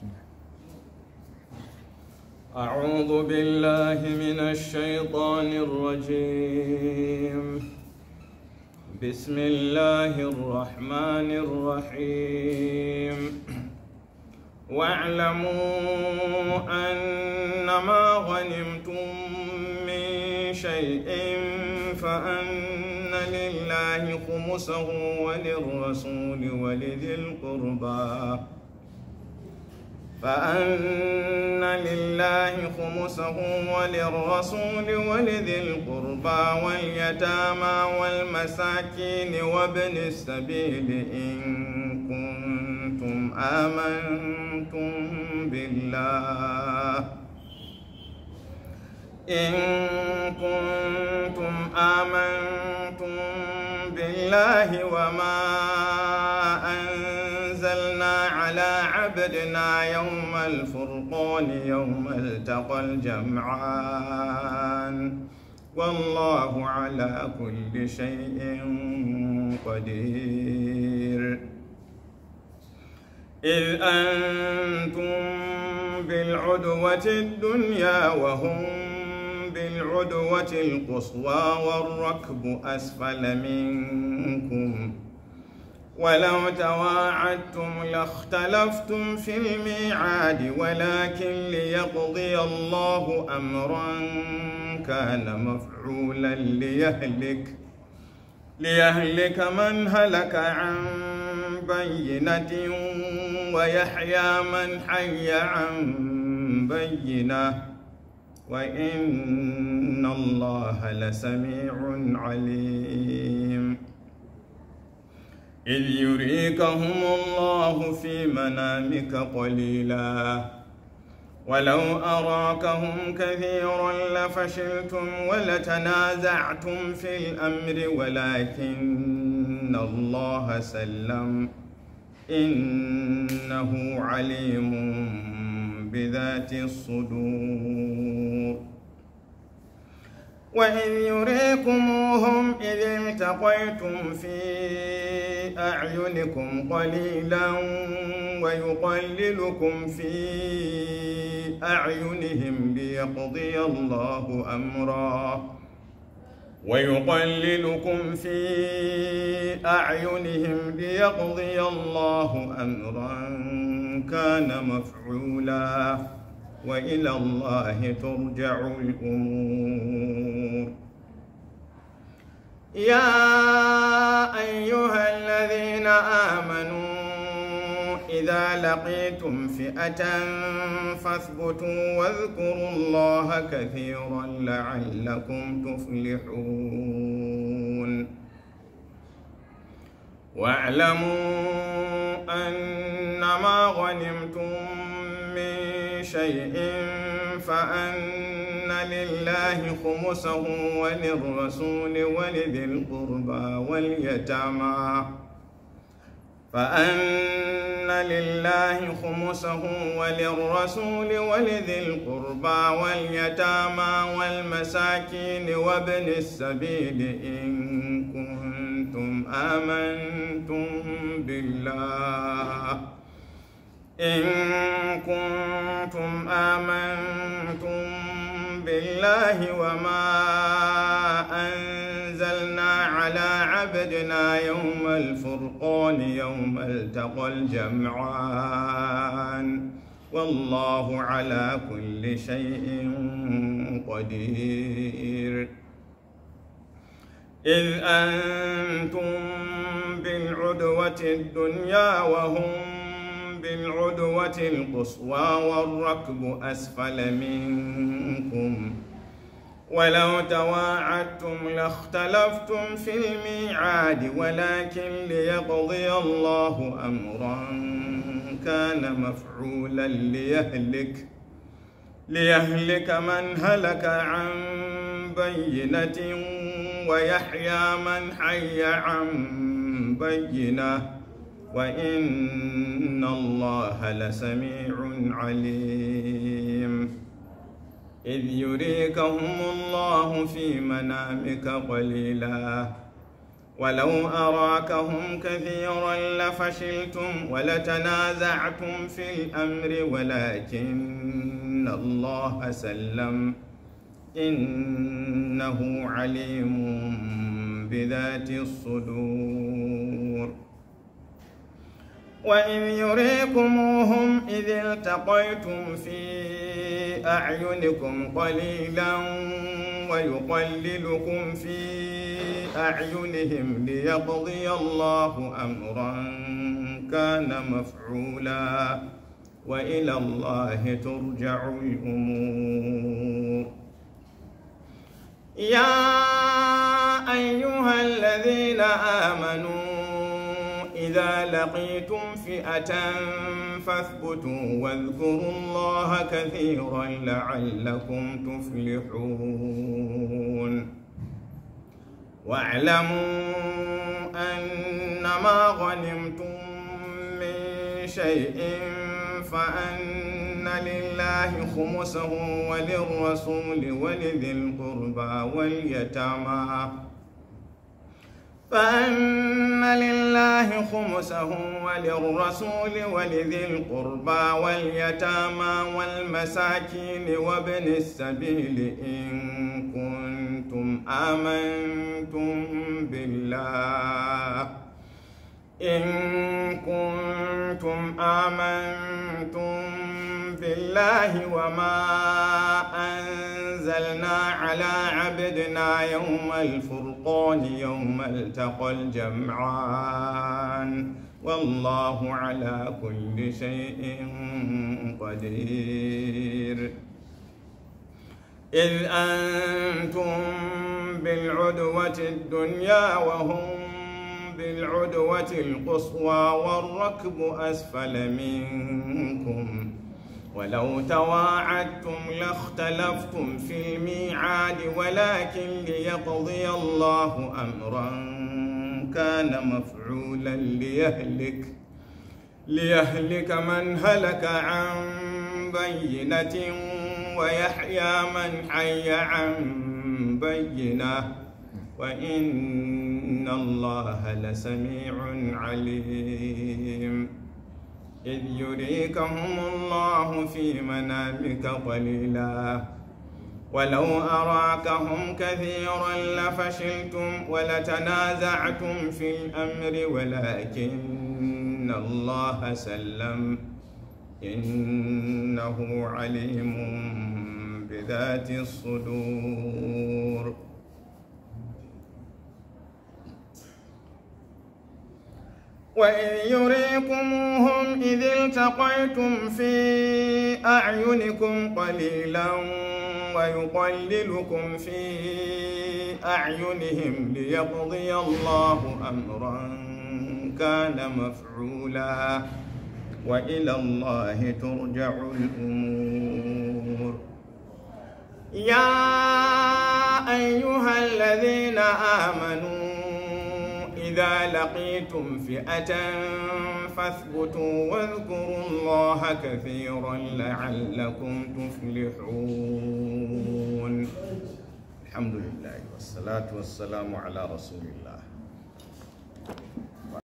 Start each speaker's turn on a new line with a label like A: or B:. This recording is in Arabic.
A: بسم الله أعوذ بالله من الشيطان الرجيم بسم الله الرحمن الرحيم واعلموا أنما غنمتم من شيء فأن لله خمسه وللرسول ولذي القربى فأن لله خمسه وللرسول ولذي القربى واليتامى والمساكين وابن السبيل إن كنتم آمنتم بالله إن كنتم آمنتم بالله وما شهدنا يوم الفرقان يوم التقى الجمعان والله على كل شيء قدير إذ أنتم بالعدوة الدنيا وهم بالعدوة القصوى والركب أسفل منكم ولو تواعدتم لاختلفتم في الميعاد ولكن ليقضي الله أمرا كان مفعولا ليهلك ليهلك من هلك عن بينة ويحيى من حي عن بينة وإن الله لسميع عليم إذ يريكهم الله في منامك قليلا ولو أراكهم كثيرا لفشلتم ولتنازعتم في الأمر ولكن الله سلم إنه عليم بذات الصدور وإذ يريكموهم إذ التقيتم في أعينكم قليلا ويقللكم في أعينهم ليقضي الله أمرا ويقللكم في أعينهم ليقضي الله أمرا كان مفعولا وإلى الله ترجع الأمور يا أيها الذين آمنوا إذا لقيتم فئة فاثبتوا واذكروا الله كثيرا لعلكم تفلحون واعلموا أنما غنمتم من شيء فأن لله خمسه وللرسول ولذي القربى واليتامى فأن لله خمسه وللرسول ولذي القربى واليتامى والمساكين وابن السبيل إن كنتم كنتم آمنتم بالله إن كنتم آمنتم بالله وما أنزلنا على عبدنا يوم الفرقان يوم التقى الجمعان والله على كل شيء قدير إذ أنتم بالعدوة الدنيا وهم بالعدوة القصوى والركب أسفل منكم ولو تواعدتم لاختلفتم في الميعاد ولكن ليقضي الله أمرا كان مفعولا ليهلك ليهلك من هلك عن بينة ويحيى من حي عن بينة وإن الله لسميع عليم إذ يريكهم الله في منامك قليلا ولو أراكهم كثيرا لفشلتم ولتنازعتم في الأمر ولكن الله سلم إنه عليم بذات الصدور وإذ يريكموهم إذ التقيتم في أعينكم قليلا ويقللكم في أعينهم ليقضي الله أمرا كان مفعولا وإلى الله ترجع الأمور يا أيها الذين آمنوا إذا لقيتم فئة فاثبتوا واذكروا الله كثيرا لعلكم تفلحون واعلموا أنما غنمتم من شيء فأن أن لله خمسه وللرسول ولذي القربى واليتامى فأن لله خمسه وللرسول ولذي القربى واليتامى والمساكين وابن السبيل إن كنتم آمنتم بالله إن كنتم آمنتم الله وما أنزلنا على عبدنا يوم الفرقان يوم التقى الجمعان والله على كل شيء قدير إذ أنتم بالعدوة الدنيا وهم بالعدوة القصوى والركب أسفل منكم ولو تواعدتم لاختلفتم في الميعاد ولكن ليقضي الله أمرا كان مفعولا ليهلك ليهلك من هلك عن بينة ويحيى من حي عن بينة وإن الله لسميع عليم إذ يريكهم الله في منامك قليلا ولو أراكهم كثيرا لفشلتم ولتنازعتم في الأمر ولكن الله سلم إنه عليم بذات الصدور وإذ يريكموهم إذ التقيتم في أعينكم قليلا ويقللكم في أعينهم ليقضي الله أمرا كان مفعولا وإلى الله ترجع الأمور يا أيها الذين آمنوا إذا لقيتم فئة فاثبتوا واذكروا الله كثيرا لعلكم تفلحون الحمد لله والصلاة والسلام على رسول الله